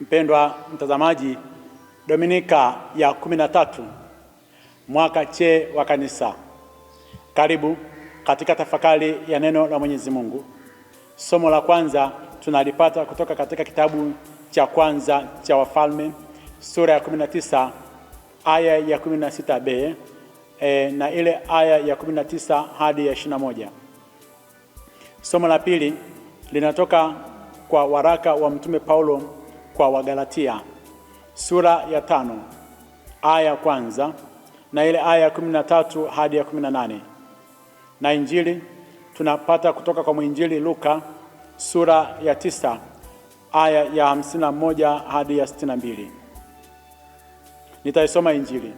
Mpendwa mtazamaji, Dominika ya kumi na tatu mwaka che wa Kanisa, karibu katika tafakari ya neno la Mwenyezi Mungu. Somo la kwanza tunalipata kutoka katika kitabu cha kwanza cha Wafalme sura ya 19 aya ya 16b e, na ile aya ya 19 hadi ya 21. Somo la pili linatoka kwa waraka wa Mtume Paulo kwa Wagalatia sura ya tano aya ya kwanza na ile aya ya kumi na tatu hadi ya kumi na nane na Injili tunapata kutoka kwa mwinjili Luka sura ya tisa aya ya hamsini na moja hadi ya sitini na mbili. Nitaisoma Injili.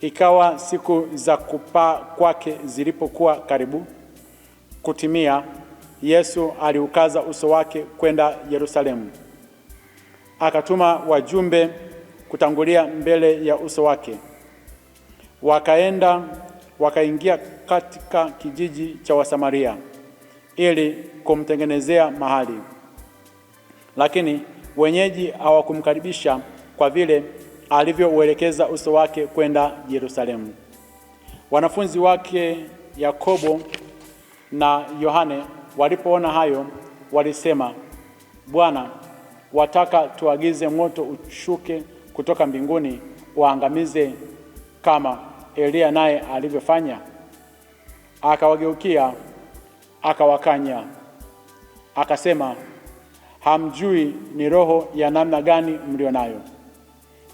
Ikawa siku za kupaa kwake zilipokuwa karibu kutimia, Yesu aliukaza uso wake kwenda Yerusalemu akatuma wajumbe kutangulia mbele ya uso wake. Wakaenda wakaingia katika kijiji cha Wasamaria ili kumtengenezea mahali, lakini wenyeji hawakumkaribisha kwa vile alivyouelekeza uso wake kwenda Yerusalemu. Wanafunzi wake Yakobo na Yohane walipoona hayo, walisema, Bwana wataka tuagize moto ushuke kutoka mbinguni waangamize kama Eliya naye alivyofanya? Akawageukia akawakanya, akasema, hamjui ni roho ya namna gani mlio nayo,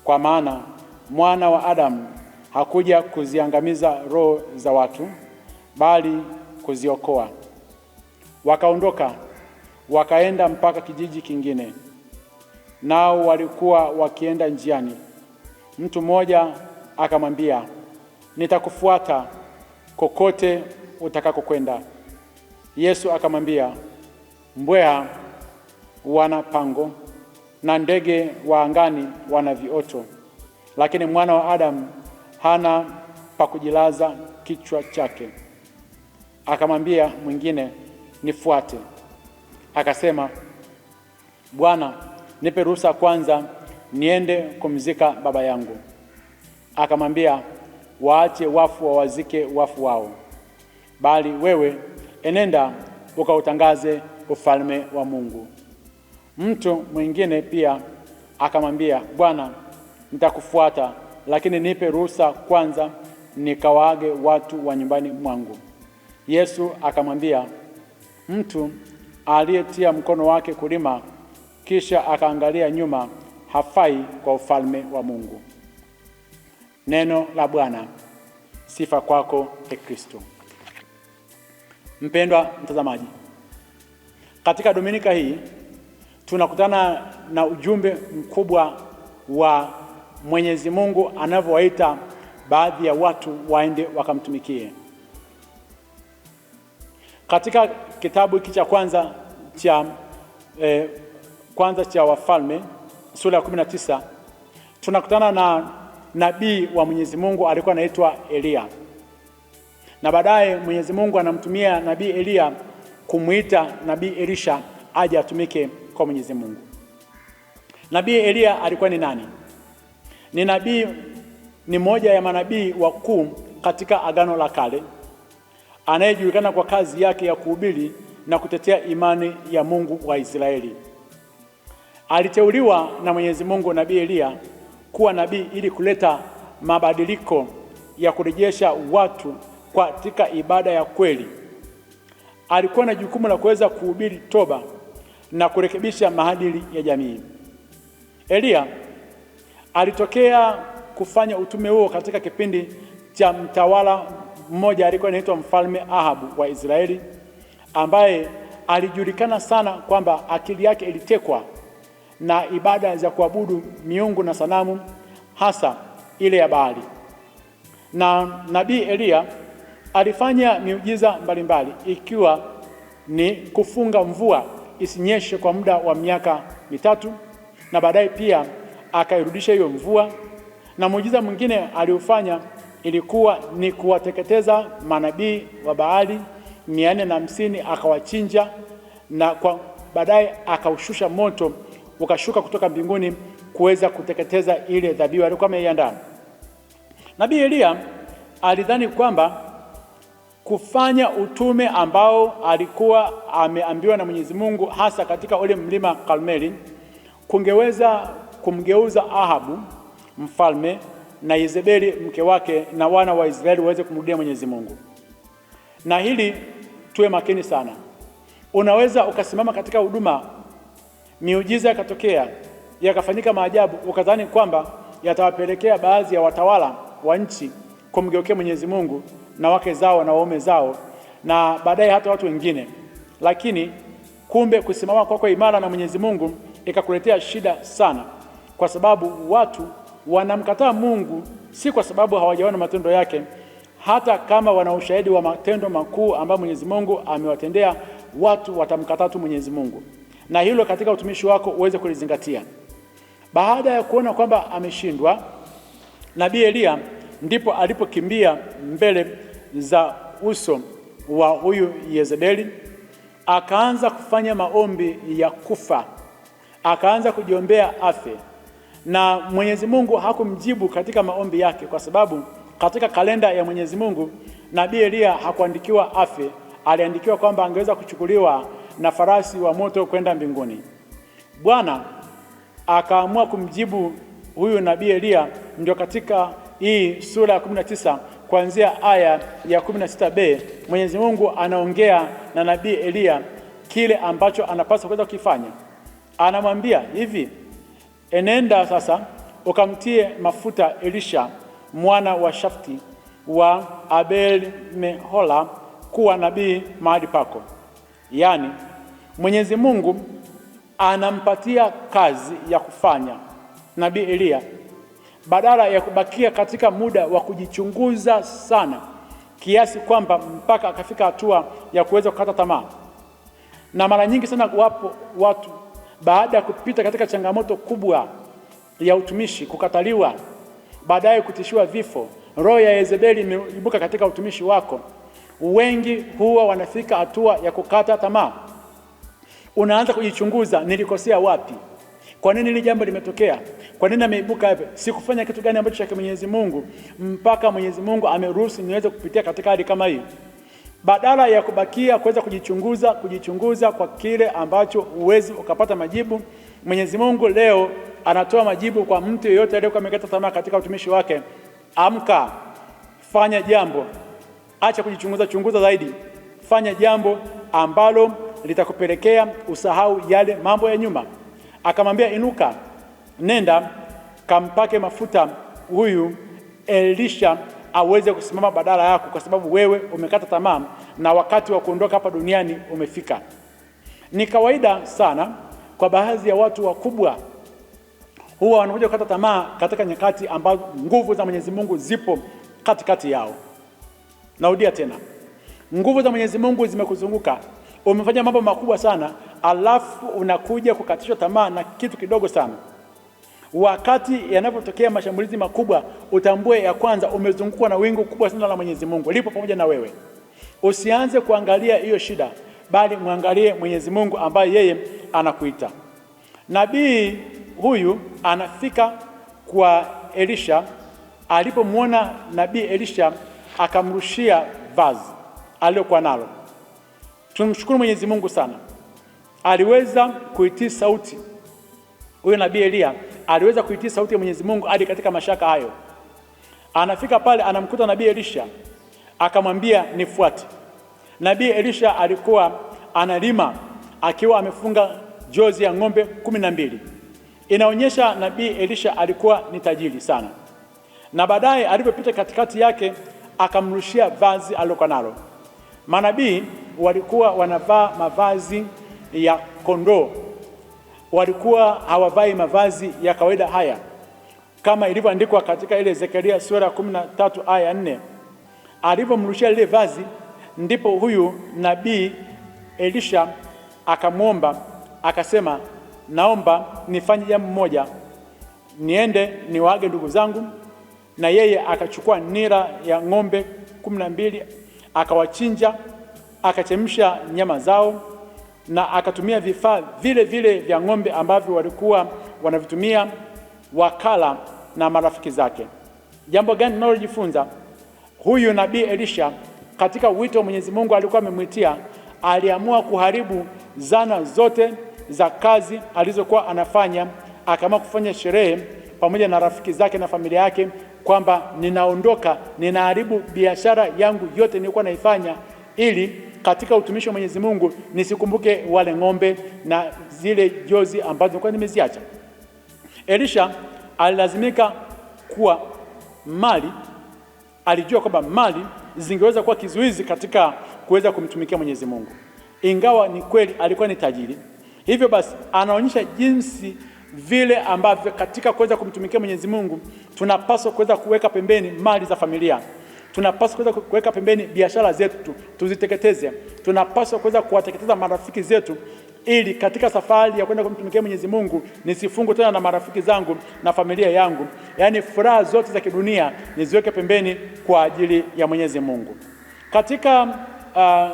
kwa maana mwana wa Adamu hakuja kuziangamiza roho za watu, bali kuziokoa. Wakaondoka wakaenda mpaka kijiji kingine nao walikuwa wakienda njiani. Mtu mmoja akamwambia, nitakufuata kokote utakakokwenda. Yesu akamwambia, mbweha wana pango na ndege wa angani wana vioto, lakini mwana wa Adamu hana pa kujilaza kichwa chake. Akamwambia mwingine, nifuate. Akasema, Bwana nipe ruhusa kwanza niende kumzika baba yangu. Akamwambia, waache wafu wawazike wafu wao, bali wewe enenda ukautangaze ufalme wa Mungu. Mtu mwingine pia akamwambia, Bwana, nitakufuata lakini nipe ruhusa kwanza nikawaage watu wa nyumbani mwangu. Yesu akamwambia, mtu aliyetia mkono wake kulima kisha akaangalia nyuma, hafai kwa ufalme wa Mungu. Neno la Bwana. Sifa kwako e Kristo. Mpendwa mtazamaji, katika dominika hii tunakutana na ujumbe mkubwa wa Mwenyezi Mungu anavyowaita baadhi ya watu waende wakamtumikie. Katika kitabu hiki cha kwanza cha eh, kwanza cha Wafalme sura ya 19 tunakutana na nabii wa Mwenyezi Mungu alikuwa anaitwa Eliya, na baadaye Mwenyezi Mungu anamtumia nabii Eliya kumwita nabii Elisha aje atumike kwa Mwenyezi Mungu. Nabii Eliya alikuwa ni nani? Ni nabii, ni moja ya manabii wakuu katika Agano la Kale anayejulikana kwa kazi yake ya kuhubiri na kutetea imani ya Mungu wa Israeli. Aliteuliwa na Mwenyezi Mungu Nabii Eliya kuwa nabii ili kuleta mabadiliko ya kurejesha watu katika ibada ya kweli. Alikuwa na jukumu la kuweza kuhubiri toba na kurekebisha maadili ya jamii. Eliya alitokea kufanya utume huo katika kipindi cha mtawala mmoja alikuwa anaitwa Mfalme Ahabu wa Israeli ambaye alijulikana sana kwamba akili yake ilitekwa na ibada za kuabudu miungu na sanamu, hasa ile ya Baali. Na nabii Eliya alifanya miujiza mbalimbali mbali, ikiwa ni kufunga mvua isinyeshe kwa muda wa miaka mitatu na baadaye pia akairudisha hiyo mvua. Na muujiza mwingine aliofanya ilikuwa ni kuwateketeza manabii wa Baali mia nne na hamsini akawachinja na kwa baadaye akaushusha moto ukashuka kutoka mbinguni kuweza kuteketeza ile dhabihu aliyokuwa ameiandaa. Nabii Eliya alidhani kwamba kufanya utume ambao alikuwa ameambiwa na Mwenyezi Mungu hasa katika ule mlima Karmeli kungeweza kumgeuza Ahabu mfalme na Yezebeli mke wake na wana wa Israeli waweze kumrudia Mwenyezi Mungu. Na hili tuwe makini sana. Unaweza ukasimama katika huduma miujiza yakatokea, yakafanyika maajabu, ukadhani kwamba yatawapelekea baadhi ya watawala wa nchi kumgeukea Mwenyezi Mungu na wake zao na waume zao na baadaye hata watu wengine, lakini kumbe kusimama kwako kwa imara na Mwenyezi Mungu ikakuletea shida sana, kwa sababu watu wanamkataa Mungu si kwa sababu hawajaona matendo yake, hata kama wana ushahidi wa matendo makuu ambayo Mwenyezi Mungu amewatendea watu, watamkataa tu Mwenyezi Mungu na hilo katika utumishi wako uweze kulizingatia. Baada ya kuona kwamba ameshindwa, nabii Eliya ndipo alipokimbia mbele za uso wa huyu Yezebeli, akaanza kufanya maombi ya kufa, akaanza kujiombea afe, na Mwenyezi Mungu hakumjibu katika maombi yake, kwa sababu katika kalenda ya Mwenyezi Mungu nabii Eliya hakuandikiwa afe, aliandikiwa kwamba angeweza kuchukuliwa na farasi wa moto kwenda mbinguni. Bwana akaamua kumjibu huyu nabii Eliya, ndio katika hii sura ya 19 kuanzia aya ya 16b, Mwenyezi Mungu anaongea na nabii Eliya kile ambacho anapaswa kuweza kukifanya. Anamwambia hivi, enenda sasa ukamtie mafuta Elisha mwana wa Shafti wa Abel Mehola kuwa nabii mahali pako, yaani Mwenyezi Mungu anampatia kazi ya kufanya Nabii Eliya badala ya kubakia katika muda wa kujichunguza sana kiasi kwamba mpaka akafika hatua ya kuweza kukata tamaa. Na mara nyingi sana wapo watu baada ya kupita katika changamoto kubwa ya utumishi, kukataliwa, baadaye kutishiwa vifo, roho ya Yezebeli imeibuka katika utumishi wako, wengi huwa wanafika hatua ya kukata tamaa unaanza kujichunguza, nilikosea wapi? Kwa nini hili jambo limetokea? Kwa nini ameibuka hivyo? Sikufanya kitu gani ambacho cha Mwenyezi Mungu mpaka Mwenyezi Mungu ameruhusu niweze kupitia katika hali kama hii? Badala ya kubakia kuweza kujichunguza, kujichunguza kwa kile ambacho huwezi ukapata majibu, Mwenyezi Mungu leo anatoa majibu kwa mtu yeyote aliyekuwa amekata tamaa katika utumishi wake. Amka, fanya jambo, acha kujichunguza chunguza zaidi, fanya jambo ambalo litakupelekea usahau yale mambo ya nyuma. Akamwambia, inuka, nenda kampake mafuta huyu Elisha aweze kusimama badala yako, kwa sababu wewe umekata tamaa na wakati wa kuondoka hapa duniani umefika. Ni kawaida sana kwa baadhi ya watu wakubwa, huwa wanakuja kukata tamaa katika nyakati ambazo nguvu za Mwenyezi Mungu zipo katikati yao. Narudia tena, nguvu za Mwenyezi Mungu zimekuzunguka umefanya mambo makubwa sana, alafu unakuja kukatishwa tamaa na kitu kidogo sana. Wakati yanapotokea mashambulizi makubwa, utambue ya kwanza umezungukwa na wingu kubwa sana la Mwenyezi Mungu, lipo pamoja na wewe. Usianze kuangalia hiyo shida, bali mwangalie Mwenyezi Mungu ambaye yeye anakuita. Nabii huyu anafika kwa Elisha, alipomwona nabii Elisha akamrushia vazi aliyokuwa nalo. Tunamshukuru Mwenyezi Mungu sana, aliweza kuitii sauti huyo nabii Eliya, aliweza kuitii sauti ya Mwenyezi Mungu hadi katika mashaka hayo. Anafika pale anamkuta nabii Elisha akamwambia nifuate. Nabii Elisha alikuwa analima akiwa amefunga jozi ya ng'ombe kumi na mbili. Inaonyesha nabii Elisha alikuwa ni tajiri sana, na baadaye alipopita katikati yake akamrushia vazi alilokuwa nalo. Manabii walikuwa wanavaa mavazi ya kondoo, walikuwa hawavai mavazi ya kawaida haya, kama ilivyoandikwa katika ile Zekaria sura ya kumi na tatu aya nne. Alivyomrushia lile vazi, ndipo huyu nabii Elisha akamwomba akasema, naomba nifanye jambo moja, niende niwaage ndugu zangu. Na yeye akachukua nira ya ng'ombe kumi na mbili akawachinja akachemsha nyama zao na akatumia vifaa vile vile vya ng'ombe ambavyo walikuwa wanavitumia wakala na marafiki zake. Jambo gani tunalojifunza? Huyu nabii Elisha katika wito Mwenyezi Mungu alikuwa amemwitia, aliamua kuharibu zana zote za kazi alizokuwa anafanya, akaamua kufanya sherehe pamoja na rafiki zake na familia yake kwamba ninaondoka, ninaharibu biashara yangu yote nilikuwa naifanya ili katika utumishi wa Mwenyezi Mungu nisikumbuke wale ng'ombe na zile jozi ambazo nilikuwa nimeziacha. Elisha alilazimika kuwa mali, alijua kwamba mali zingeweza kuwa kizuizi katika kuweza kumtumikia Mwenyezi Mungu, ingawa ni kweli alikuwa ni tajiri. Hivyo basi anaonyesha jinsi vile ambavyo katika kuweza kumtumikia Mwenyezi Mungu tunapaswa kuweza kuweka pembeni mali za familia tunapaswa kuweza kuweka pembeni biashara zetu tu tuziteketeze. Tunapaswa kuweza kuwateketeza marafiki zetu ili katika safari ya kwenda kumtumikia Mwenyezi Mungu nisifungwe tena na marafiki zangu na familia yangu. Yaani furaha zote za kidunia niziweke pembeni kwa ajili ya Mwenyezi Mungu. Katika uh,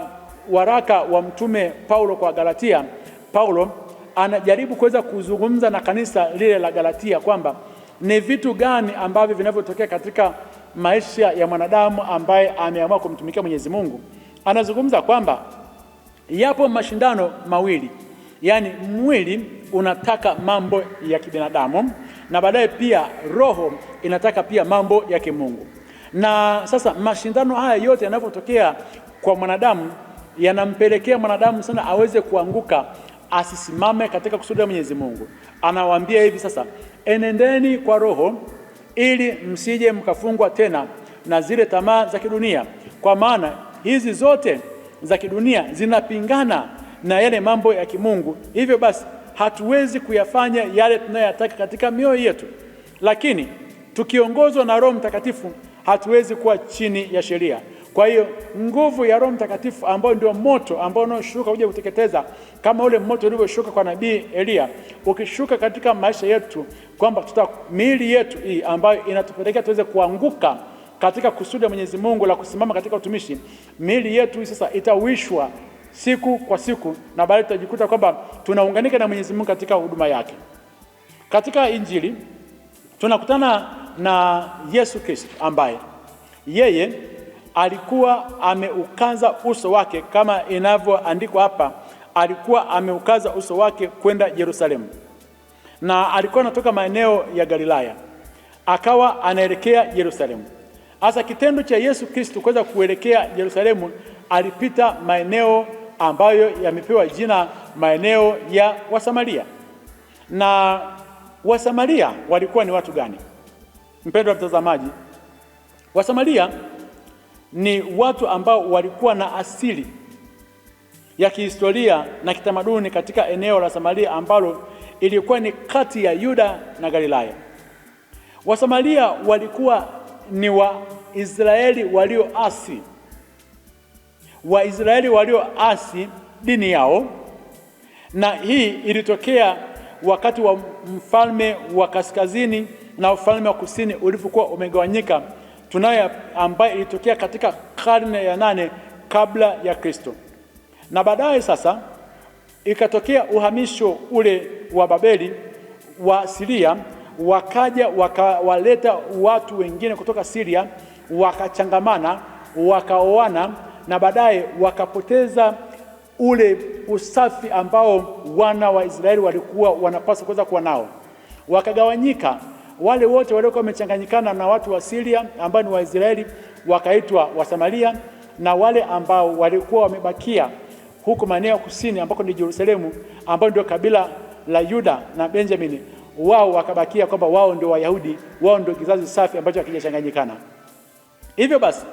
waraka wa Mtume Paulo kwa Galatia, Paulo anajaribu kuweza kuzungumza na kanisa lile la Galatia kwamba ni vitu gani ambavyo vinavyotokea katika maisha ya mwanadamu ambaye ameamua kumtumikia Mwenyezi Mungu, anazungumza kwamba yapo mashindano mawili, yaani mwili unataka mambo ya kibinadamu na baadaye pia roho inataka pia mambo ya kimungu. Na sasa mashindano haya yote yanapotokea kwa mwanadamu yanampelekea mwanadamu sana aweze kuanguka, asisimame katika kusudi la Mwenyezi Mungu. Anawaambia hivi sasa, enendeni kwa roho ili msije mkafungwa tena na zile tamaa za kidunia, kwa maana hizi zote za kidunia zinapingana na yale mambo ya kimungu. Hivyo basi hatuwezi kuyafanya yale tunayoyataka katika mioyo yetu, lakini tukiongozwa na Roho Mtakatifu hatuwezi kuwa chini ya sheria. Kwa hiyo nguvu ya Roho Mtakatifu ambayo ndio moto ambao unaoshuka kuja kuteketeza kama ule moto ulivyoshuka kwa nabii Eliya, ukishuka katika maisha yetu, kwamba tuta miili yetu hii ambayo inatupelekea tuweze kuanguka katika kusudi la Mwenyezi Mungu la kusimama katika utumishi, miili yetu hii sasa itawishwa siku kwa siku, na baadaye tutajikuta kwamba tunaunganika na Mwenyezi Mungu katika huduma yake. Katika Injili tunakutana na Yesu Kristo ambaye yeye alikuwa ameukaza uso wake kama inavyoandikwa hapa, alikuwa ameukaza uso wake kwenda Yerusalemu, na alikuwa anatoka maeneo ya Galilaya akawa anaelekea Yerusalemu. Hasa kitendo cha Yesu Kristo kuweza kuelekea Yerusalemu, alipita maeneo ambayo yamepewa jina maeneo ya Wasamaria. Na Wasamaria walikuwa ni watu gani? Mpendwa mtazamaji, Wasamaria ni watu ambao walikuwa na asili ya kihistoria na kitamaduni katika eneo la Samaria ambalo ilikuwa ni kati ya Yuda na Galilaya. Wasamaria walikuwa ni Waisraeli walioasi, Waisraeli walioasi dini yao, na hii ilitokea wakati wa mfalme wa kaskazini na ufalme wa kusini ulipokuwa umegawanyika tunayo ambayo ilitokea katika karne ya nane kabla ya Kristo, na baadaye sasa ikatokea uhamisho ule wa Babeli wa Siria, wakaja wakawaleta watu wengine kutoka Siria, wakachangamana, wakaoana na baadaye wakapoteza ule usafi ambao wana wa Israeli walikuwa wanapaswa kuweza kuwa nao, wakagawanyika wale wote waliokuwa wamechanganyikana na watu wa Siria ambao ni Waisraeli wakaitwa Wasamaria, na wale ambao walikuwa wamebakia huko maeneo ya kusini ambako ni Yerusalemu, ambao ndio kabila la Yuda na Benjamini, wao wakabakia kwamba wao ndio Wayahudi, wao ndio kizazi safi ambacho hakijachanganyikana. Hivyo basi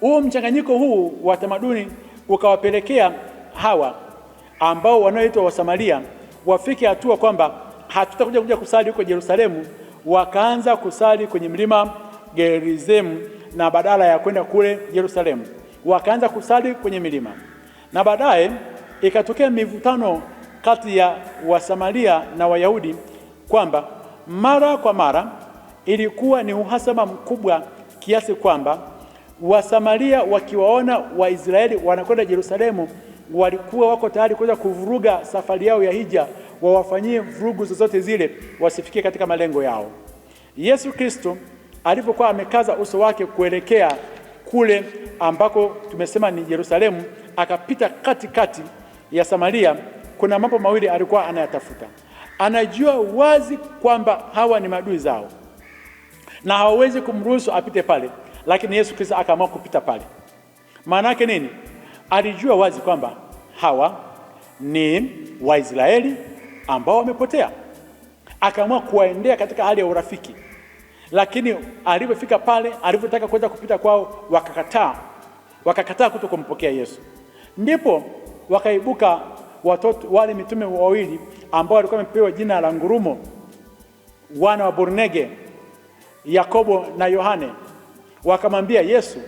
huo mchanganyiko huu wa tamaduni ukawapelekea hawa ambao wanaoitwa Wasamaria wafike hatua kwamba hatutakuja kuja kusali huko Yerusalemu wakaanza kusali kwenye mlima Gerizim na badala ya kwenda kule Yerusalemu wakaanza kusali kwenye milima, na baadaye ikatokea mivutano kati ya Wasamaria na Wayahudi kwamba mara kwa mara ilikuwa ni uhasama mkubwa kiasi kwamba Wasamaria wakiwaona Waisraeli wanakwenda Yerusalemu walikuwa wako tayari kuweza kuvuruga safari yao ya hija wawafanyie vurugu zozote zile, wasifikie katika malengo yao. Yesu Kristo alipokuwa amekaza uso wake kuelekea kule ambako tumesema ni Yerusalemu, akapita katikati ya Samaria, kuna mambo mawili alikuwa anayatafuta. Anajua wazi kwamba hawa ni maadui zao na hawawezi kumruhusu apite pale, lakini Yesu Kristo akaamua kupita pale. Maana yake nini? Alijua wazi kwamba hawa ni Waisraeli ambao wamepotea, akaamua kuwaendea katika hali ya urafiki, lakini alipofika pale, alipotaka kuweza kupita kwao, wakakataa, wakakataa kuto kumpokea Yesu. Ndipo wakaibuka watoto wale mitume wawili ambao walikuwa wamepewa jina la ngurumo, wana wa Burnege, Yakobo na Yohane, wakamwambia Yesu,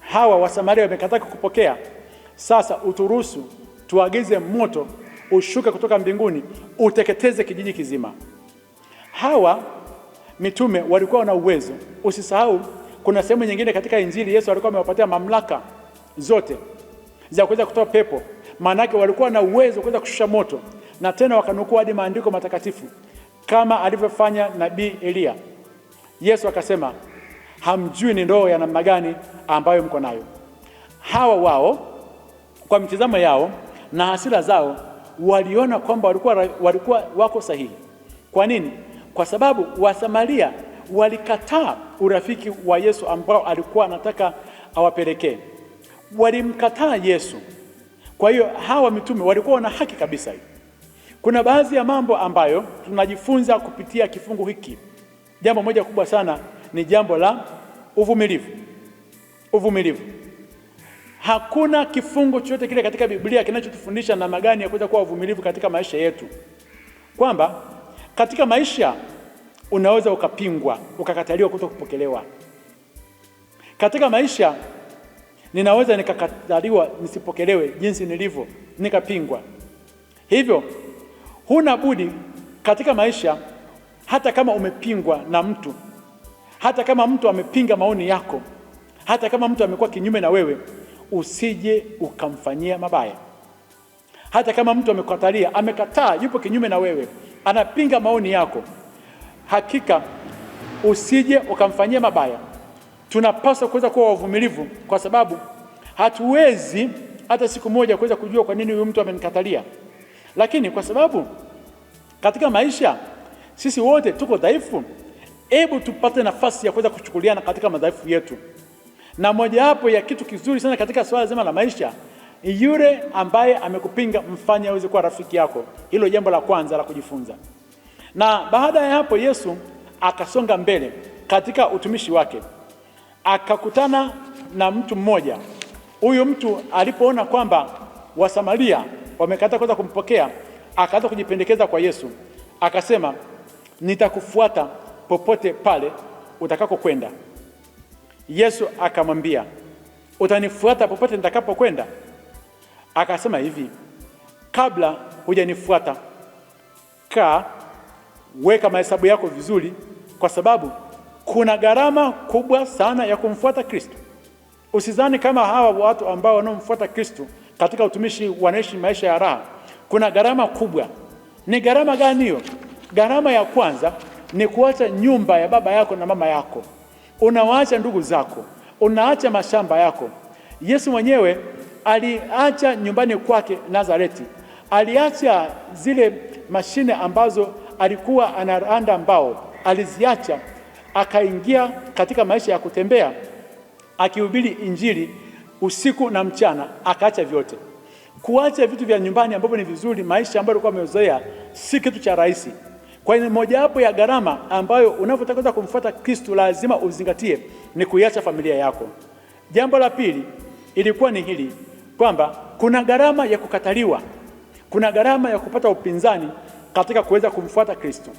hawa Wasamaria wamekataa kukupokea, sasa uturuhusu tuagize moto ushuke kutoka mbinguni uteketeze kijiji kizima. Hawa mitume walikuwa wana uwezo. Usisahau, kuna sehemu nyingine katika Injili Yesu alikuwa amewapatia mamlaka zote za kuweza kutoa pepo, maanake walikuwa na uwezo wa kuweza kushusha moto, na tena wakanukuu hadi maandiko matakatifu kama alivyofanya nabii Eliya. Yesu akasema, hamjui ni ndoo ya namna gani ambayo mko nayo. Hawa wao kwa mitazamo yao na hasira zao waliona kwamba walikuwa, walikuwa wako sahihi. Kwa nini? Kwa sababu Wasamaria walikataa urafiki wa Yesu ambao alikuwa anataka awapelekee, walimkataa Yesu. Kwa hiyo hawa mitume walikuwa wana haki kabisa. Kuna baadhi ya mambo ambayo tunajifunza kupitia kifungu hiki. Jambo moja kubwa sana ni jambo la uvumilivu, uvumilivu. Hakuna kifungo chochote kile katika Biblia kinachotufundisha namna gani ya kuweza kuwa wavumilivu katika maisha yetu, kwamba katika maisha unaweza ukapingwa, ukakataliwa, kuto kupokelewa. Katika maisha ninaweza nikakataliwa, nisipokelewe jinsi nilivyo, nikapingwa. Hivyo huna budi katika maisha, hata kama umepingwa na mtu, hata kama mtu amepinga maoni yako, hata kama mtu amekuwa kinyume na wewe usije ukamfanyia mabaya. Hata kama mtu amekatalia amekataa, yupo kinyume na wewe, anapinga maoni yako, hakika usije ukamfanyia mabaya. Tunapaswa kuweza kuwa wavumilivu, kwa sababu hatuwezi hata siku moja kuweza kujua kwa nini huyu mtu amenikatalia, lakini kwa sababu katika maisha sisi wote tuko dhaifu, hebu tupate nafasi ya kuweza kuchukuliana katika madhaifu yetu na mojawapo ya kitu kizuri sana katika swala zima la maisha, yule ambaye amekupinga mfanye aweze kuwa rafiki yako. Hilo jambo la kwanza la kujifunza. Na baada ya hapo, Yesu akasonga mbele katika utumishi wake, akakutana na mtu mmoja. Huyu mtu alipoona kwamba Wasamaria wamekata kwanza kumpokea, akaanza kujipendekeza kwa Yesu, akasema nitakufuata popote pale utakakokwenda. Yesu akamwambia, utanifuata popote nitakapokwenda? Akasema hivi, kabla hujanifuata kaa, weka mahesabu yako vizuri, kwa sababu kuna gharama kubwa sana ya kumfuata Kristo. usizani kama hawa watu ambao wanaomfuata Kristo katika utumishi wanaishi maisha ya raha. Kuna gharama kubwa. Ni gharama gani hiyo? Gharama ya kwanza ni kuacha nyumba ya baba yako na mama yako unawaacha ndugu zako, unaacha mashamba yako. Yesu mwenyewe aliacha nyumbani kwake Nazareti, aliacha zile mashine ambazo alikuwa anaranda mbao, aliziacha akaingia katika maisha ya kutembea, akihubiri Injili usiku na mchana, akaacha vyote. Kuacha vitu vya nyumbani ambavyo ni vizuri, maisha ambayo alikuwa amezoea, si kitu cha rahisi. Kwa hiyo mojawapo ya gharama ambayo unapotaka kumfuata Kristo lazima uzingatie ni kuiacha familia yako. Jambo la pili ilikuwa ni hili kwamba kuna gharama ya kukataliwa, kuna gharama ya kupata upinzani katika kuweza kumfuata Kristo.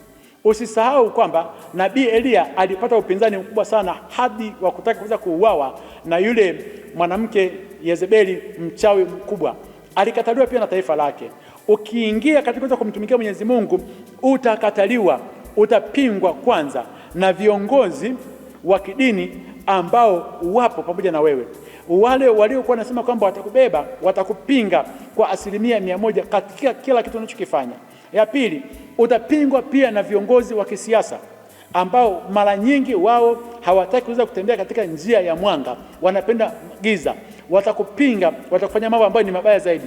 Usisahau kwamba nabii Eliya alipata upinzani mkubwa sana hadi wa kutaka kuweza kuuawa na yule mwanamke Yezebeli, mchawi mkubwa. Alikataliwa pia na taifa lake. Ukiingia katika kuweza kumtumikia Mwenyezi Mungu utakataliwa, utapingwa kwanza na viongozi wa kidini ambao wapo pamoja na wewe. Wale waliokuwa wanasema kwamba watakubeba watakupinga kwa asilimia mia moja katika kila kitu unachokifanya. Ya pili, utapingwa pia na viongozi wa kisiasa ambao mara nyingi wao hawataki kuweza kutembea katika njia ya mwanga, wanapenda giza. Watakupinga, watakufanya mambo ambayo ni mabaya zaidi.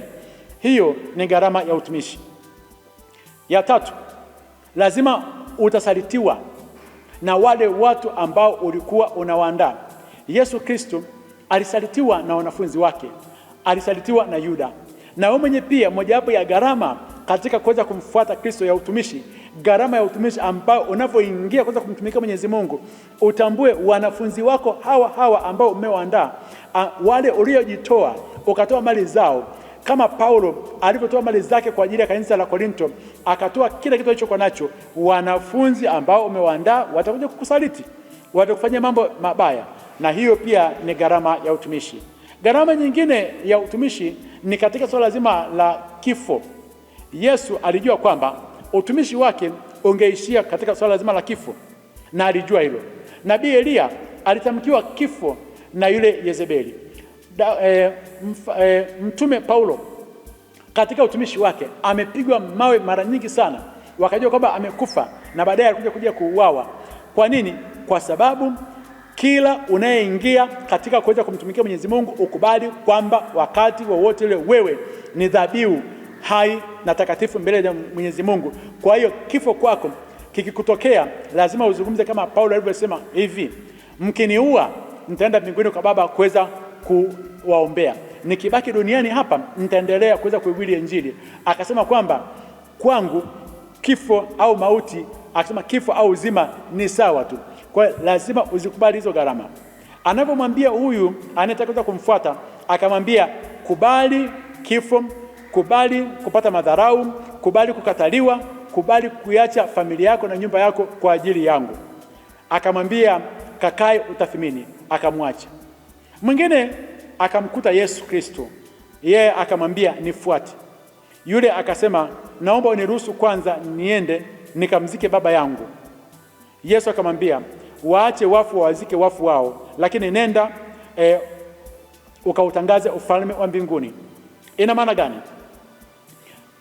Hiyo ni gharama ya utumishi. Ya tatu, lazima utasalitiwa na wale watu ambao ulikuwa unawaandaa. Yesu Kristo alisalitiwa na wanafunzi wake, alisalitiwa na Yuda. Na wewe mwenye pia, mojawapo ya gharama katika kuweza kumfuata Kristo ya utumishi, gharama ya utumishi ambao unavyoingia kwanza kumtumikia Mwenyezi Mungu, utambue wanafunzi wako hawa hawa ambao umewaandaa, wale uliojitoa ukatoa mali zao kama Paulo alivyotoa mali zake kwa ajili ya kanisa la Korinto, akatoa kila kitu alichokuwa nacho. Wanafunzi ambao umewaandaa watakuja kukusaliti, watakufanyia mambo mabaya, na hiyo pia ni gharama ya utumishi. Gharama nyingine ya utumishi ni katika swala zima la kifo. Yesu alijua kwamba utumishi wake ungeishia katika swala zima la kifo, na alijua hilo. Nabii Eliya alitamkiwa kifo na yule Yezebeli da, e, mf, e, Mtume Paulo katika utumishi wake amepigwa mawe mara nyingi sana, wakajua kwamba amekufa na baadaye alikuja kuja kuuawa. Kwa nini? Kwa sababu kila unayeingia katika kuweza kumtumikia Mwenyezi Mungu ukubali kwamba wakati wowote ule wewe ni dhabihu hai na takatifu mbele ya Mwenyezi Mungu. Kwa hiyo kifo kwako kikikutokea lazima uzungumze kama Paulo alivyosema hivi, mkiniua nitaenda mbinguni kwa Baba kuweza kuwaombea. Nikibaki duniani hapa nitaendelea kuweza kuhubiri Injili. Akasema kwamba kwangu kifo au mauti, akasema kifo au uzima ni sawa tu, kwa hiyo lazima uzikubali hizo gharama. Anavyomwambia huyu anayetaka kumfuata, akamwambia kubali kifo, kubali kupata madharau, kubali kukataliwa, kubali kuiacha familia yako na nyumba yako kwa ajili yangu. Akamwambia kakae utathimini, akamwacha. Mwingine akamkuta Yesu Kristo, yeye akamwambia nifuate. Yule akasema naomba uniruhusu kwanza niende nikamzike baba yangu. Yesu akamwambia waache wafu wawazike wafu wao, lakini nenda e, ukautangaze ufalme wa mbinguni. Ina maana gani?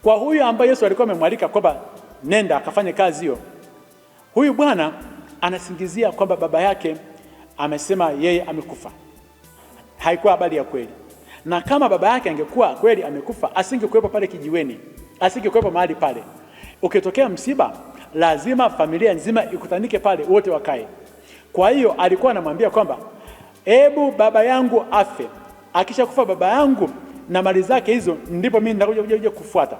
Kwa huyu ambaye Yesu alikuwa amemwalika kwamba nenda akafanye kazi hiyo, huyu bwana anasingizia kwamba baba yake amesema yeye amekufa haikuwa habari ya kweli, na kama baba yake angekuwa kweli amekufa asingekuwepo pale kijiweni, asingekuwepo mahali pale. Ukitokea msiba, lazima familia nzima ikutanike pale, wote wakae. Kwa hiyo alikuwa anamwambia kwamba ebu baba yangu afe, akishakufa baba yangu na mali zake hizo, ndipo mimi nitakuja kuja kufuata.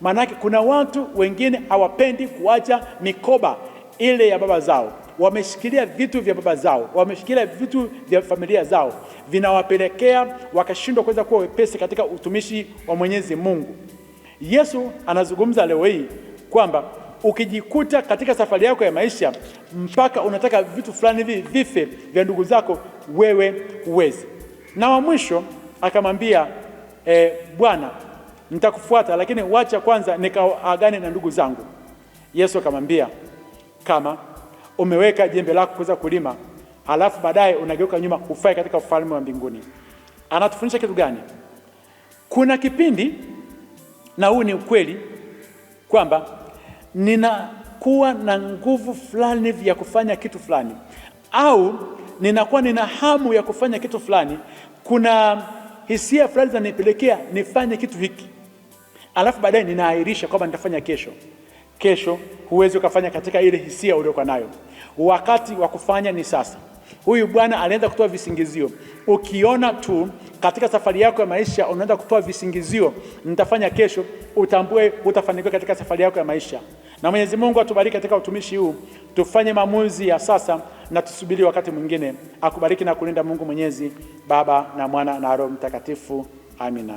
Maanake kuna watu wengine hawapendi kuacha mikoba ile ya baba zao wameshikilia vitu vya baba zao, wameshikilia vitu vya familia zao, vinawapelekea wakashindwa kuweza kuwa wepesi katika utumishi wa Mwenyezi Mungu. Yesu anazungumza leo hii kwamba ukijikuta katika safari yako ya maisha mpaka unataka vitu fulani hivi vife vya ndugu zako, wewe huwezi. Na wa mwisho akamwambia e, Bwana, nitakufuata lakini wacha kwanza nikaagane na ndugu zangu. Yesu akamwambia kama umeweka jembe lako kuweza kulima, halafu baadaye unageuka nyuma, hufai katika ufalme wa mbinguni. Anatufundisha kitu gani? Kuna kipindi, na huu ni ukweli, kwamba ninakuwa na nguvu fulani ya kufanya kitu fulani, au ninakuwa nina hamu ya kufanya kitu fulani. Kuna hisia fulani zinanipelekea nifanye kitu hiki, alafu baadaye ninaahirisha kwamba nitafanya kesho kesho, huwezi ukafanya katika ile hisia uliokuwa nayo. Wakati wa kufanya ni sasa. Huyu bwana anaenda kutoa visingizio. Ukiona tu katika safari yako ya maisha unaenda kutoa visingizio, nitafanya kesho, utambue utafanikiwa katika safari yako ya maisha. Na Mwenyezi Mungu atubariki katika utumishi huu, tufanye maamuzi ya sasa na tusubiri wakati mwingine. Akubariki na kulinda Mungu Mwenyezi, Baba na Mwana na Roho Mtakatifu. Amina.